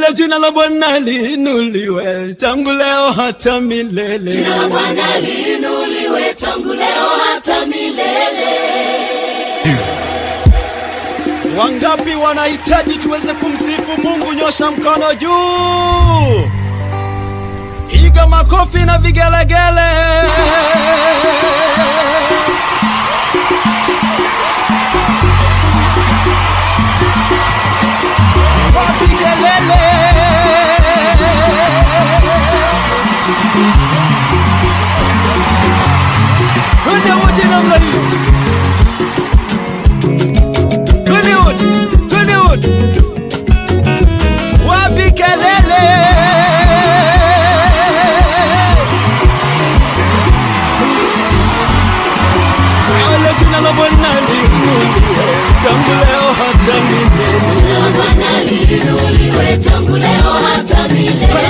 milele, jina la Bwana liinuliwe tangu leo hata milele. Jina la Bwana liinuliwe tangu leo hata milele. Wangapi wanahitaji tuweze kumsifu Mungu? Nyosha mkono juu, iga makofi na vigelegele. Mama Bwana liinuliwe tangu leo hata milele.